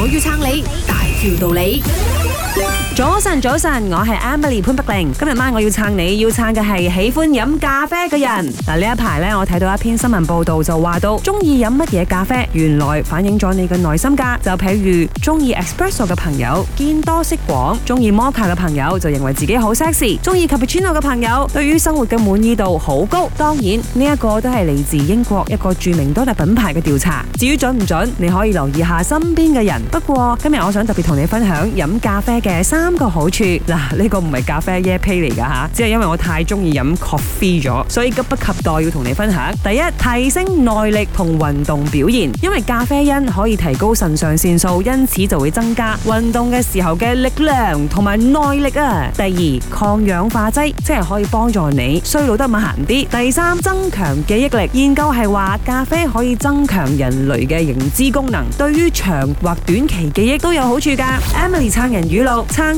我要撐你，大條道理。早晨，早晨，我係 Emily 潘碧玲。今日晚我要撐你要撐嘅係喜歡飲咖啡嘅人。嗱，呢一排呢，我睇到一篇新聞報道就話到，中意飲乜嘢咖啡，原來反映咗你嘅內心噶。就譬如中意 Espresso 嘅朋友見多識廣，中意 Mocha 嘅朋友就認為自己好 sexy，中意 Cappuccino 嘅朋友對於生活嘅滿意度好高。當然呢一個都係嚟自英國一個著名多大品牌嘅調查。至於準唔準，你可以留意下身邊嘅人。不過今日我想特別同你分享飲咖啡嘅三。三個好處。嗱，呢個唔係咖啡椰皮嚟噶吓，只係因為我太中意飲 coffee 咗，所以急不及待要同你分享。第一，提升耐力同運動表現，因為咖啡因可以提高腎上腺素，因此就會增加運動嘅時候嘅力量同埋耐力啊。第二，抗氧化劑即係可以幫助你衰老得慢行啲。第三，增強記憶力。研究係話咖啡可以增強人類嘅認知功能，對於長或短期記憶都有好處噶。Emily 撐人語錄撐。